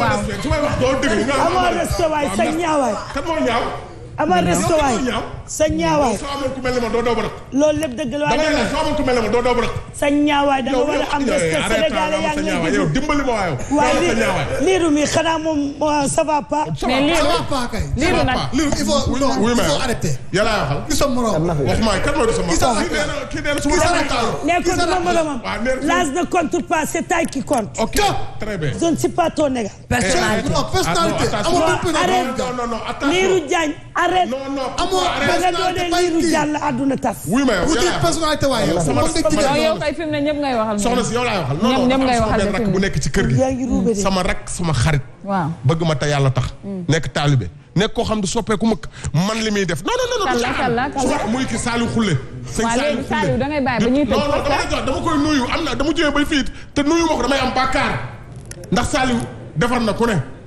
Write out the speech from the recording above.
waaw su may wax doo déglu nga. amoo respect waay sa ñaawaay. kan moo ñaaw. ne ma doo doobu rek loolu lépp dëgg la waaye soo amoon ku mel ne ma doo doobu rek sa ñaawaay da nga war a am resto sénégalais yaa ngi lay yow dimbali ma waayo waaye liiru mi xanaa moom euh, ça va pas mais liiru ça va pas kay liiru nag liiru il faut non il faut arrêter yàlla waxal ki sa morom waxuma kan mooy ne compte pas arrête a ba nga doonee liiru jàll àdduna tas. wuy ma yow waay yow. sama yow kay fi mu soxna si yow laay waxal. non non sama benn bu nekk ci kër gi. sama rakk sama xarit. waaw bëgg ma te yàlla tax. Mm. nekk taalibe nekk koo xam ne soppeeku mëkk man li muy def non non non. kàlla kàlla muy ki Saliou Khoule. sëñ Saliou da bàyyi ba ñuy tëj. non dama dama koy nuyu am na dama jógee bay fii te nuyu ma damay am bàkkaar ndax Saliou defar na ku ne